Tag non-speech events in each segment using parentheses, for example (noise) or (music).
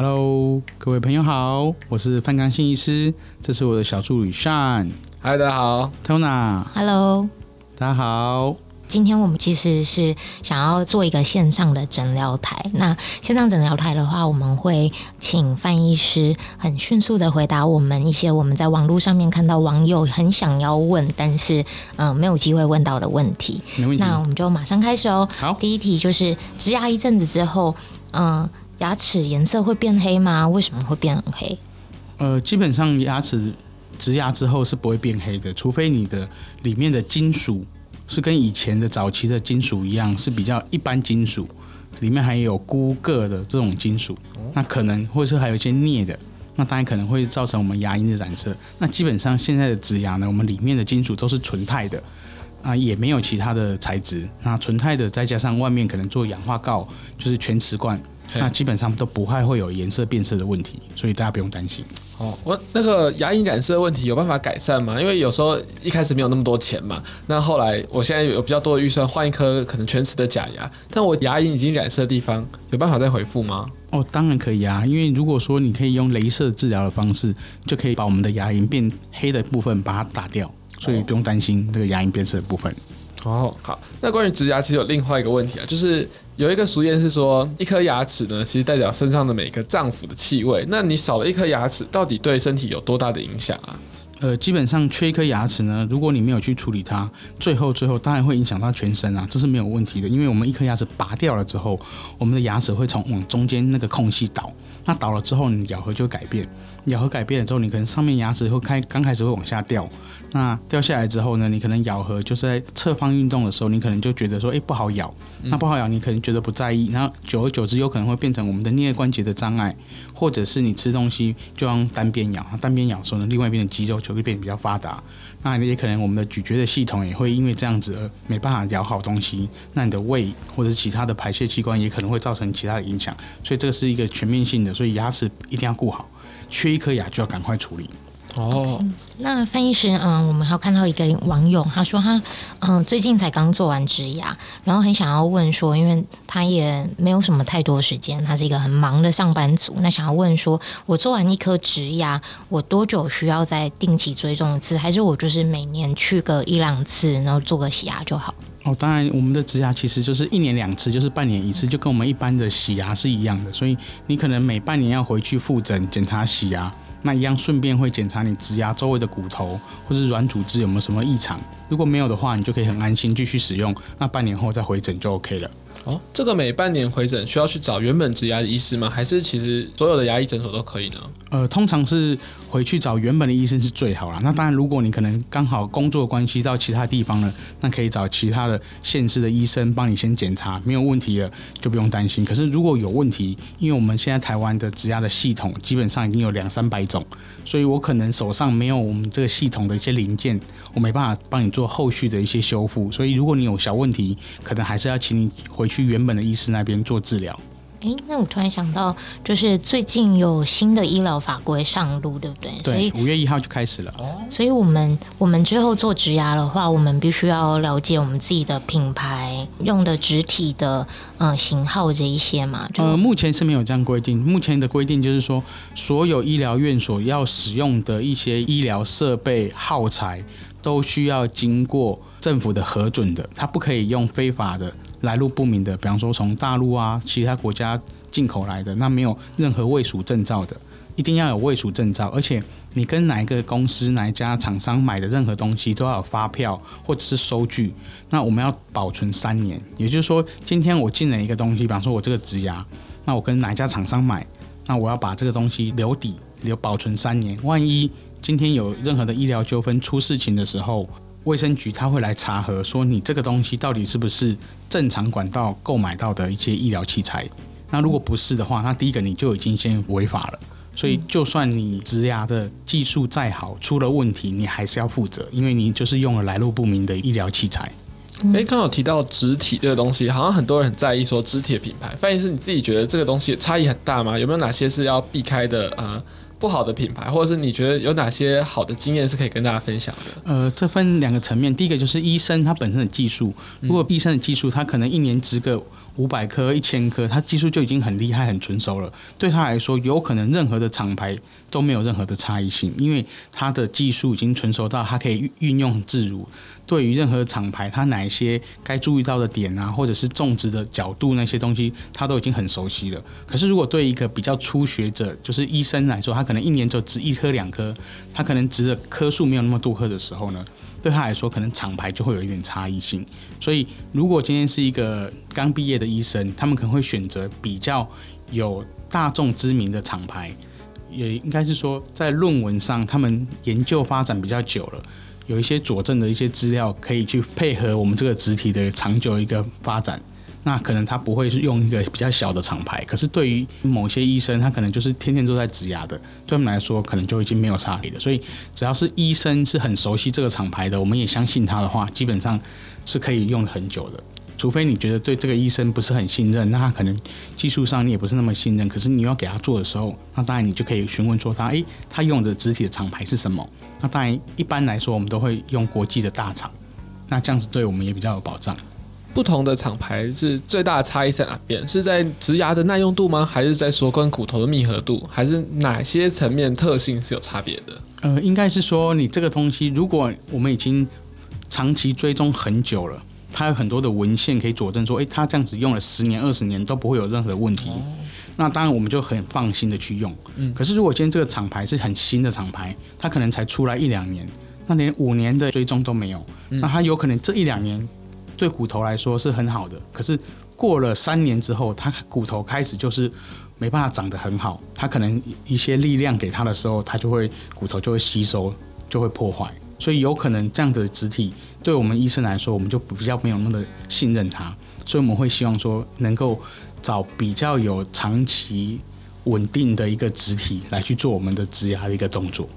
Hello，各位朋友好，我是范剛新醫師，這是我的小助理善。Hi，大家好，Tona。Hello，大家好。今天我們其實是想要做一個線上的診療台。那線上診療台的話，我們會請范醫師很迅速的回答我們一些我們在網絡上面看到網友很想要問，但是嗯、呃、沒有機會問到的問題。沒問題。那我們就馬上開始哦。好。第一題就是植牙一陣子之後，嗯、呃。牙齒顏色會變黑嗎？為什麼會變黑？呃，基本上牙齒植牙之後是不會變黑的，除非你的裡面的金屬是跟以前的早期的金屬一樣，是比較一般金屬，裡面還有鈷鉻的這種金屬，那可能會是還有一些鎳的，那當然可能會造成我們牙齦的染色。那基本上現在的植牙呢，我們裡面的金屬都是純鈦的，啊，也沒有其他的材質。那純鈦的再加上外面可能做氧化鋯，就是全瓷冠。Okay. 那基本上都不太會有顏色變色的問題，所以大家不用擔心。哦，我那個牙齦染色的問題有辦法改善嗎？因為有時候一開始沒有那麼多錢嘛，那後來我現在有比較多的預算換一顆可能全瓷的假牙，但我牙齦已經染色的地方有辦法再回復嗎？哦，oh, 當然可以啊，因為如果說你可以用雷射治療的方式，就可以把我們的牙齦變黑的部分把它打掉，所以不用擔心這個牙齦變色的部分。哦，oh. oh, 好，那關於植牙其實有另外一個問題啊，就是。有一個俗諺是說，一顆牙齒呢，其實代表身上的每一個臟腑的氣味。那你少了一顆牙齒，到底對身體有多大的影響啊？呃，基本上缺一顆牙齒呢，如果你沒有去處理它，最後最後當然會影響到全身啊，這是沒有問題的。因為我們一顆牙齒拔掉了之後，我們的牙齒會從往中間那個空隙倒，那倒了之後，你咬合就會改變。咬合改變了之後，你可能上面牙齒會開，剛開始會往下掉。那掉下來之後呢，你可能咬合就是在側方運動的時候，你可能就覺得說，哎、欸，不好咬。嗯、那不好咬，你可能覺得不在意。然後久而久之，有可能會變成我們的顳關節的障礙，或者是你吃東西就用單邊咬。單邊咬的時候呢，另外一邊的肌肉就會變得比較發達。那也可能我們的咀嚼的系統也會因為這樣子而沒辦法咬好東西。那你的胃或者是其他的排泄器官也可能會造成其他的影響。所以這個是一個全面性的，所以牙齒一定要顧好。缺一顆牙就要趕快處理哦。Okay, 那范醫師，嗯，我們還看到一個網友，他說他，嗯，最近才剛做完植牙，然後很想要問說，因為他也沒有什麼太多時間，他是一個很忙的上班族，那想要問說，我做完一顆植牙，我多久需要再定期追蹤一次，還是我就是每年去個一兩次，然後做個洗牙就好？哦，當然，我們的植牙其實就是一年兩次，就是半年一次，就跟我們一般的洗牙是一樣的。所以你可能每半年要回去復診檢查洗牙，那一樣順便會檢查你植牙周圍的骨頭或是軟組織有沒有什麼異常。如果沒有的話，你就可以很安心繼續使用。那半年後再回診就 OK 了。哦，這個每半年回診需要去找原本植牙的醫師嗎？還是其實所有的牙醫診所都可以呢？呃，通常是回去找原本的醫生是最好啦。那當然，如果你可能剛好工作關係到其他地方了，那可以找其他的縣市的醫生幫你先檢查，沒有問題了就不用擔心。可是如果有問題，因為我們現在台灣的植牙的系統基本上已經有兩三百種，所以我可能手上沒有我們這個系統的一些零件，我沒辦法幫你做後續的一些修復。所以如果你有小問題，可能還是要請你回去原本的醫師那邊做治療。哎，那我突然想到，就是最近有新的醫療法規上路，對不對？對，所以五月一號就開始了。所以，我們我們之後做植牙的話，我們必須要了解我們自己的品牌用的植體的呃型號這一些嘛。呃，目前是沒有這樣規定。目前的規定就是說，所有醫療院所要使用的一些醫療設備耗材，都需要經過政府的核准的，它不可以用非法的。來路不明的，比方說從大陸啊，其他國家進口來的，那沒有任何衛署證照的，一定要有衛署證照。而且你跟哪一個公司、哪一家廠商買的任何東西都要有發票或者是收據，那我們要保存三年，也就是說，今天我進了一個東西，比方說我這個植牙，那我跟哪一家廠商買，那我要把這個東西留底、留保存三年。萬一今天有任何的醫療糾紛出事情的時候，衛生局他會來查核，說你這個東西到底是不是正常管道購買到的一些醫療器材。那如果不是的話，那第一個你就已經先違法了。所以，就算你植牙的技術再好，出了問題你還是要負責，因為你就是用了來路不明的醫療器材。哎、嗯，剛好提到植體這個東西，好像很多人很在意說植體的品牌。范醫師，你自己覺得這個東西差異很大嗎？有沒有哪些是要避開的啊？呃不好的品牌，或者是你覺得有哪些好的經驗是可以跟大家分享的？呃，這分兩個層面，第一個就是醫生他本身的技術，如果醫生的技術他可能一年植個五百顆、一千顆，他技術就已經很厲害、很成熟了。對他來說，有可能任何的廠牌都沒有任何的差異性，因為他的技術已經成熟到他可以運用自如。對於任何廠牌，他哪一些該注意到的點啊，或者是種植的角度那些東西，他都已經很熟悉了。可是，如果對一個比較初學者，就是醫生來說，他可能一年就植一顆、兩顆，他可能植的顆數沒有那麼多顆的時候呢？對他來說，可能廠牌就會有一點差異性。所以，如果今天是一個剛畢業的醫生，他們可能會選擇比較有大眾知名的廠牌，也應該是說，在論文上他們研究發展比較久了，有一些佐證的一些資料可以去配合我們這個植體的長久一個發展。那可能他不會是用一個比較小的廠牌，可是對於某些醫生，他可能就是天天都在植牙的，對他們來說可能就已經沒有差別了。所以，只要是醫生是很熟悉這個廠牌的，我們也相信他的話，基本上是可以用很久的。除非你覺得對這個醫生不是很信任，那他可能技術上你也不是那麼信任，可是你要給他做的時候，那當然你就可以詢問說他，欸，他用的植體的廠牌是什麼？那當然一般來說我們都會用國際的大廠，那這樣子對我們也比較有保障。不同的廠牌是最大的差異在哪邊？是在植牙的耐用度嗎？還是在說跟骨頭的密合度？還是哪些層面特性是有差別的？呃，應該是說你這個東西，如果我們已經長期追蹤很久了，它有很多的文獻可以佐證說，哎、欸，它這樣子用了十年、二十年都不會有任何問題。哦、那當然我們就很放心的去用。嗯。可是如果今天這個廠牌是很新的廠牌，它可能才出來一兩年，那連五年的追蹤都沒有，那它有可能這一兩年。嗯對骨頭來說是很好的，可是過了三年之後，他骨頭開始就是沒辦法長得很好。他可能一些力量給他的時候，他就會骨頭就會吸收，就會破壞。所以有可能這樣的植體，對我們醫生來說，我們就比較沒有那麼的信任他。所以我們會希望說，能夠找比較有長期穩定的一個植體來去做我們的植牙的一個動作。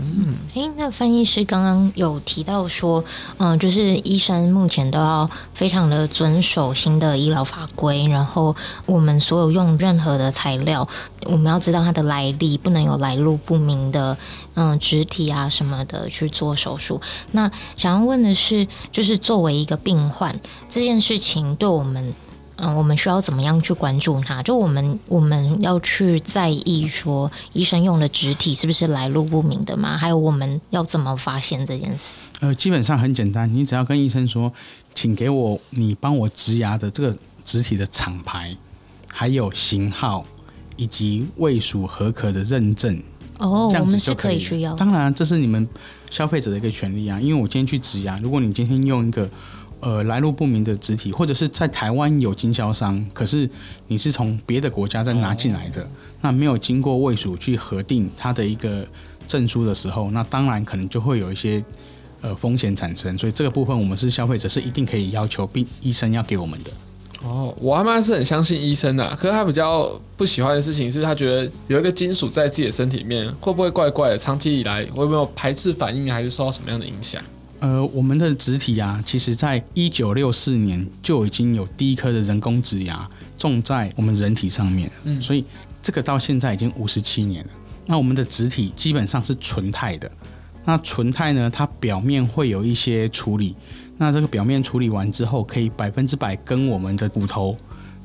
嗯，誒，那翻譯師剛剛有提到說，嗯、呃，就是醫生目前都要非常的遵守新的醫療法規，然後我們所有用任何的材料，我們要知道它的來歷，不能有來路不明的，嗯、呃，植體啊什麼的去做手術。那想要問的是，就是作為一個病患，這件事情對我們。嗯，我們需要怎麼樣去關注它？就我們我們要去在意說醫生用的植體是不是來路不明的嗎？還有我們要怎麼發現這件事？呃，基本上很簡單，你只要跟醫生說，請給我你幫我植牙的這個植體的廠牌、還有型號以及衛署合格的認證。哦，這樣子我們是可以去要。當然，這是你們消費者的一個權利啊。因為我今天去植牙，如果你今天用一個。呃，來路不明的植體，或者是在台灣有經銷商，可是你是從別的國家再拿進來的，哦、那沒有經過衛署去核定它的一個證書的時候，那當然可能就會有一些呃風險產生。所以這個部分，我們是消費者是一定可以要求病醫生要給我們的。哦，我阿嬤是很相信醫生的、啊，可是她比較不喜歡的事情是，她覺得有一個金屬在自己的身體裡面，會不會怪怪的？長期以來，會有沒有排斥反應，還是受到什麼樣的影響？呃，我們的植體啊，其實在一九六四年就已經有第一顆的人工植牙種在我們人體上面，嗯，所以這個到現在已經五十七年了。那我們的植體基本上是純鈦的，那純鈦呢，它表面會有一些處理，那這個表面處理完之後，可以百分之百跟我們的骨頭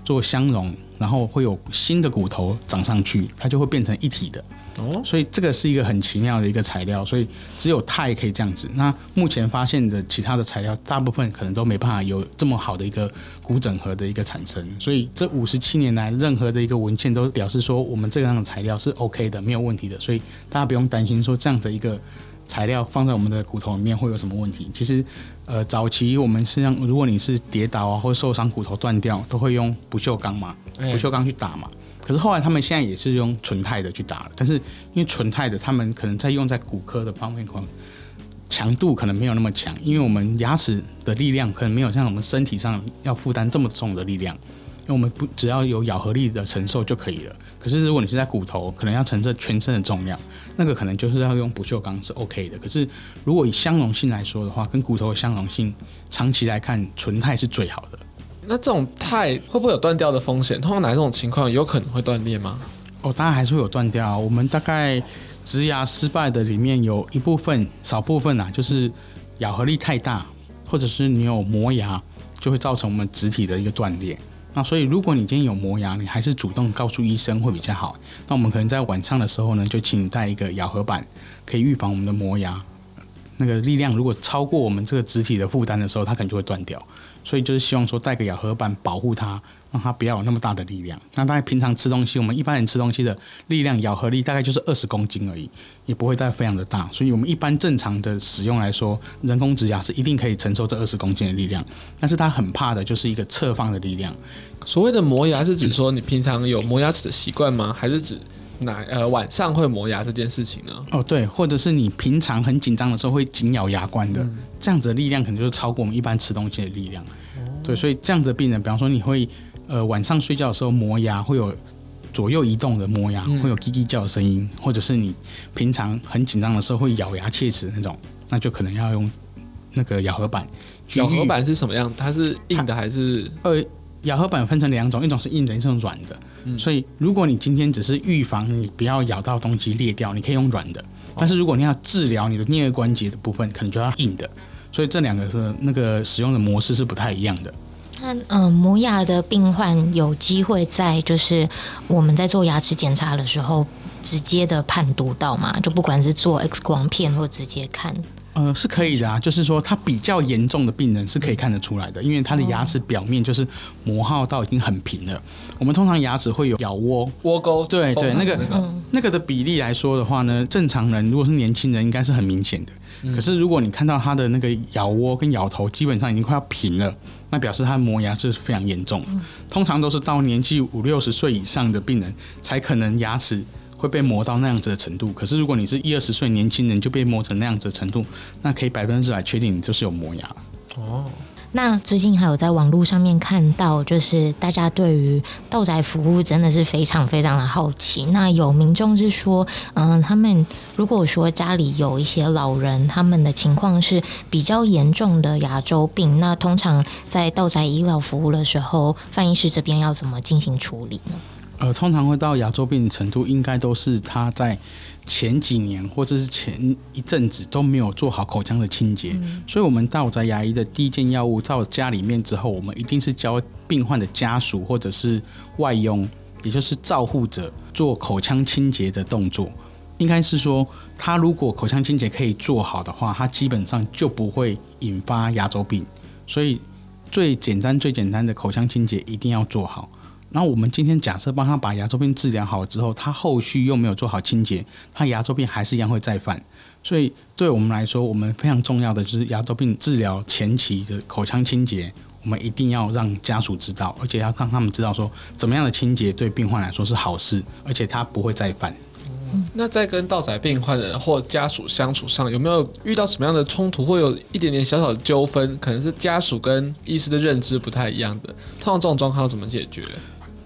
做相融，然後會有新的骨頭長上去，它就會變成一體的。哦，所以這個是一個很奇妙的一個材料，所以只有鈦可以這樣子。那目前發現的其他的材料，大部分可能都沒辦法有這麼好的一個骨整合的一個產生。所以這五十七年來，任何的一個文獻都表示說，我們這樣的材料是 OK 的，沒有問題的。所以大家不用擔心說這樣的一個材料放在我們的骨頭裡面會有什麼問題。其實，呃，早期我們身上如果你是跌倒啊或受傷，骨頭斷掉，都會用不鏽鋼嘛，不鏽鋼去打嘛。嗯。可是後來他們現在也是用純鈦的去打了，但是因為純鈦的，他們可能在用在骨科的方面，可能強度可能沒有那麼強，因為我們牙齒的力量可能沒有像我們身體上要負擔這麼重的力量，因為我們不只要有咬合力的承受就可以了。可是如果你是在骨頭，可能要承受全身的重量，那個可能就是要用不鏽鋼是 OK 的。可是如果以相容性來說的話，跟骨頭的相容性長期來看，純鈦是最好的。那這種鈦會不會有斷掉的風險？通常哪一種情況有可能會斷裂嗎？哦，當然還是會有斷掉啊。我們大概植牙失敗的裡面有一部分，少部分啊，就是咬合力太大，或者是你有磨牙，就會造成我們植體的一個斷裂。那所以如果你今天有磨牙，你還是主動告訴醫生會比較好。那我們可能在晚上的時候呢，就請你戴一個咬合板，可以預防我們的磨牙。那個力量如果超過我們這個植體的負擔的時候，它可能就會斷掉。所以就是希望說帶個咬合板保護它，讓它不要有那麼大的力量。那大家平常吃東西，我們一般人吃東西的力量，咬合力大概就是二十公斤而已，也不會再非常的大。所以我們一般正常的使用來說，人工植牙是一定可以承受這二十公斤的力量。但是它很怕的就是一個側方的力量。所謂的磨牙是指說你平常有磨牙齒的習慣嗎？嗯、還是指？哪呃，晚上會磨牙這件事情呢？哦，對，或者是你平常很緊張的時候會緊咬牙關的，嗯、這樣子的力量可能就是超過我們一般吃東西的力量。哦、對，所以這樣子的病人，比方說你會呃晚上睡覺的時候磨牙，會有左右移動的磨牙，嗯、會有嘰嘰叫的聲音，或者是你平常很緊張的時候會咬牙切齒的那種，那就可能要用那個咬合板。咬合板是什麼樣？它是硬的還是？呃，咬合板分成兩種，一種是硬的，一種是軟的。所以，如果你今天只是預防，你不要咬到東西裂掉，你可以用軟的；但是，如果你要治療你的顳顎關節的部分，可能就要硬的。所以，這兩個是那個使用的模式是不太一樣的。那嗯，呃，磨牙的病患有機會在就是我們在做牙齒檢查的時候直接的判讀到嘛？就不管是做 X 光片或直接看。呃，是可以的啊，就是說，他比較嚴重的病人是可以看得出來的，因為他的牙齒表面就是磨耗到已經很平了。我們通常牙齒會有咬窩、窩溝勾，對、那個、對，對，那個那個那個的比例來說的話呢，正常人如果是年輕人，應該是很明顯的。嗯、可是如果你看到他的那個咬窩跟咬頭，基本上已經快要平了，那表示他磨牙是非常嚴重。嗯、通常都是到年紀五六十歲以上的病人，才可能牙齒。會被磨到那樣子的程度，可是如果你是一二十歲年輕人就被磨成那樣子的程度，那可以百分之百確定你就是有磨牙。哦，那最近還有在網絡上面看到，就是大家對於到宅服務真的是非常非常的好奇。那有民眾是說，嗯、呃，他們如果說家裡有一些老人，他們的情況是比較嚴重的牙周病，那通常在到宅醫療服務的時候，范醫師這邊要怎麼進行處理呢？呃，通常會到牙周病的程度，應該都是他在前幾年或者是前一陣子都沒有做好口腔的清潔。嗯、所以，我們到宅牙醫，的第一件藥物到家裡面之後，我們一定是教病患的家屬或者是外傭，也就是照護者做口腔清潔的動作。應該是說，他如果口腔清潔可以做好的話，他基本上就不會引發牙周病。所以，最簡單、最簡單的口腔清潔一定要做好。那我們今天假設幫他把牙周病治療好之後，他後續又沒有做好清潔，他牙周病還是一樣會再犯。所以對我們來說，我們非常重要的就是牙周病治療前期的口腔清潔，我們一定要讓家屬知道，而且要讓他們知道說怎麼樣的清潔對病患來說是好事，而且他不會再犯。嗯，那在跟到宅病患或家屬相處上，有沒有遇到什麼樣的衝突，或有一點點小小的糾紛？可能是家屬跟醫師的認知不太一樣的，碰到這種狀況要怎麼解決？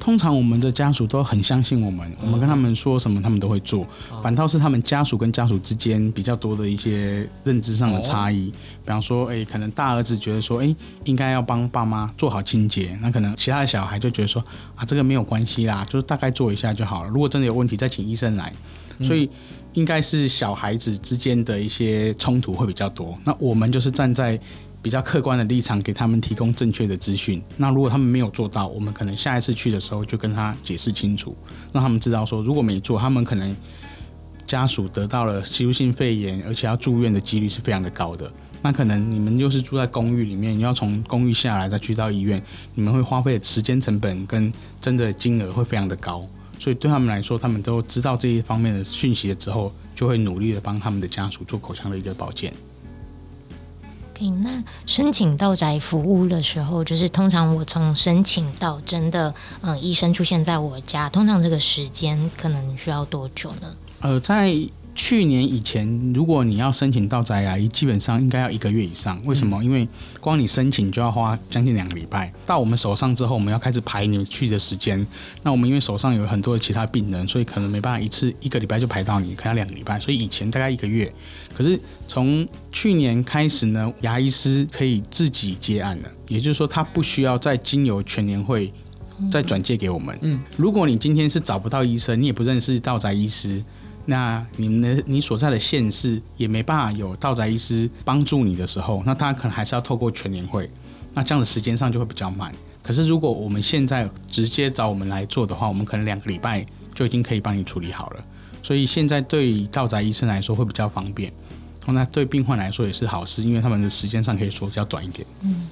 通常我們的家屬都很相信我們，我們跟他們說什麼，他們都會做。反倒是他們家屬跟家屬之間比較多的一些認知上的差異，比方說，誒，可能大兒子覺得說，誒，應該要幫爸媽做好清潔，那可能其他的小孩就覺得說，啊，這個沒有關係啦，就是大概做一下就好了。如果真的有問題，再請醫生來。所以應該是小孩子之間的一些衝突會比較多。那我們就是站在。比較客觀的立場，給他們提供正確的資訊。那如果他們沒有做到，我們可能下一次去的時候就跟他解釋清楚，讓他們知道說，如果沒做，他們可能家屬得到了吸入性肺炎，而且要住院的幾率是非常的高的。那可能你們又是住在公寓裡面，你要從公寓下來再去到醫院，你們會花費的時間成本跟真的金額會非常的高。所以對他們來說，他們都知道這一方面的訊息了之後，就會努力的幫他們的家屬做口腔的一個保健。Okay, 那申請到宅服務的時候，就是通常我從申請到真的嗯醫生出現在我家，通常這個時間可能需要多久呢？呃，在。去年以前，如果你要申請到宅牙、啊、醫，基本上應該要一個月以上。為什麼？嗯、因為光你申請就要花將近兩個禮拜。到我們手上之後，我們要開始排你去的時間。那我們因為手上有很多其他病人，所以可能沒辦法一次一個禮拜就排到你，可能要兩個禮拜。所以以前大概一個月。可是從去年開始呢，牙醫師可以自己接案了，也就是說他不需要再經由全聯會再轉介給我們。嗯，如果你今天是找不到醫生，你也不認識到宅醫師。那你們的你所在的縣市也沒辦法有到宅醫師幫助你的時候，那他可能還是要透過全聯會，那這樣的時間上就會比較慢。可是如果我們現在直接找我們來做的話，我們可能兩個禮拜就已經可以幫你處理好了。所以現在對到宅醫生來說會比較方便，那對病患來說也是好事，因為他們的時間上可以說比較短一點。嗯。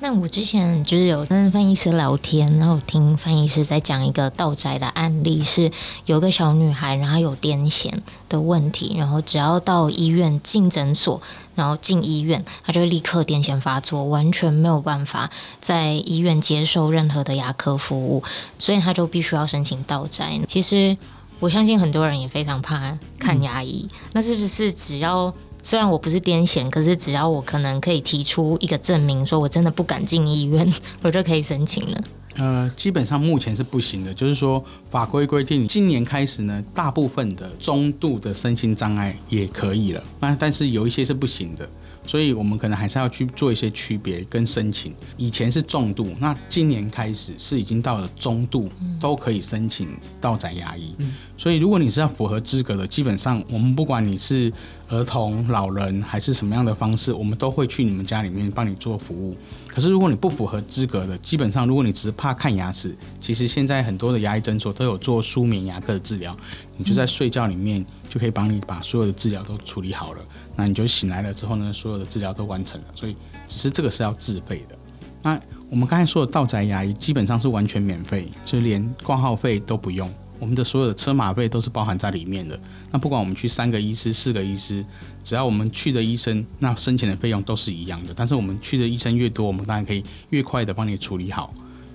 那我之前就是有跟范醫師聊天，然後我聽范醫師在講一個到宅的案例，是有個小女孩，然後有癲癇的問題，然後只要到醫院、進診所、然後進醫院，她就立刻癲癇發作，完全沒有辦法在醫院接受任何的牙科服務，所以她就必須要申請到宅。其實我相信很多人也非常怕看牙醫，嗯、那是不是只要？雖然我不是癲癇，可是只要我可能可以提出一個證明，說我真的不敢進醫院，我就可以申請了。呃，基本上目前是不行的，就是說法規規定，今年開始呢，大部分的中度的身心障礙也可以了。那但是有一些是不行的，所以我們可能還是要去做一些區別跟申請。以前是重度，那今年開始是已經到了中度、嗯、都可以申請到宅牙醫。嗯、所以如果你是要符合資格的，基本上我們不管你是。兒童、老人還是什麼樣的方式，我們都會去你們家裡面幫你做服務。可是如果你不符合資格的，基本上如果你只是怕看牙齒，其實現在很多的牙醫診所都有做舒眠牙科的治療，你就在睡覺裡面就可以幫你把所有的治療都處理好了。嗯、那你就醒來了之後呢，所有的治療都完成了。所以只是這個是要自費的。那我們剛才說的到宅牙醫基本上是完全免費，就連掛號費都不用。我們的所有的車馬費都是包含在裡面的。那不管我們去三個醫師、四個醫師，只要我們去的醫生，那申請的費用都是一樣的。但是我們去的醫生越多，我們當然可以越快的幫你處理好。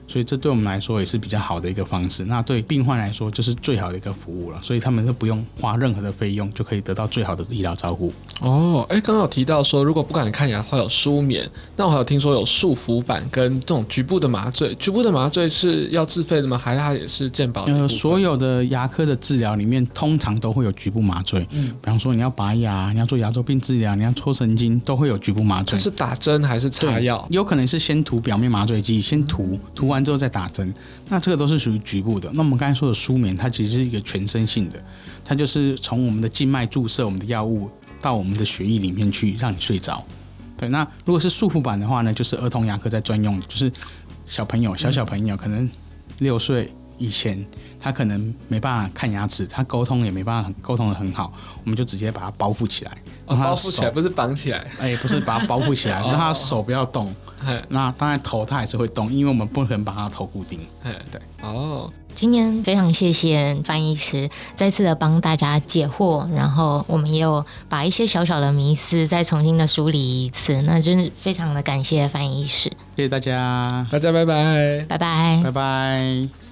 所以這對我們來說也是比較好的一個方式。那對病患來說就是最好的一個服務了。所以他們都不用花任何的費用，就可以得到最好的醫療照顧。哦，哎、欸，剛剛有提到說，如果不敢看牙會有舒眠，那我還有聽說有束縛板跟這種局部的麻醉。局部的麻醉是要自費的嗎？還是它也是健保的？呃，所有的牙科的治療裡面，通常都會有局部麻醉。嗯，比方說你要拔牙，你要做牙周病治療，你要抽神經，都會有局部麻醉。它是打針還是擦藥？有可能是先塗表面麻醉劑，先塗塗。嗯完之後再打針，那這個都是屬於局部的。那我們剛才說的舒眠，它其實是一個全身性的，它就是從我們的靜脈注射我們的藥物到我們的血液裡面去，讓你睡着。對，那如果是束縛板的話呢，就是兒童牙科在專用，就是小朋友、小小朋友，可能六歲。嗯以前他可能沒辦法看牙齒，他溝通也沒辦法溝通得很好，我們就直接把他包覆起來，哦、包覆起來不是綁起來，哎、欸，不是把他包覆起來， (laughs) 對讓他的手不要動。哦、那當然頭他還是會動，嘿因為我們不可能把他的頭固定。對，哦，今天非常謝謝范醫師，再次的幫大家解惑，然後我們也有把一些小小的迷思再重新的梳理一次，那真的非常的感謝范醫師，謝謝大家，大家拜拜，拜拜，拜拜。拜拜。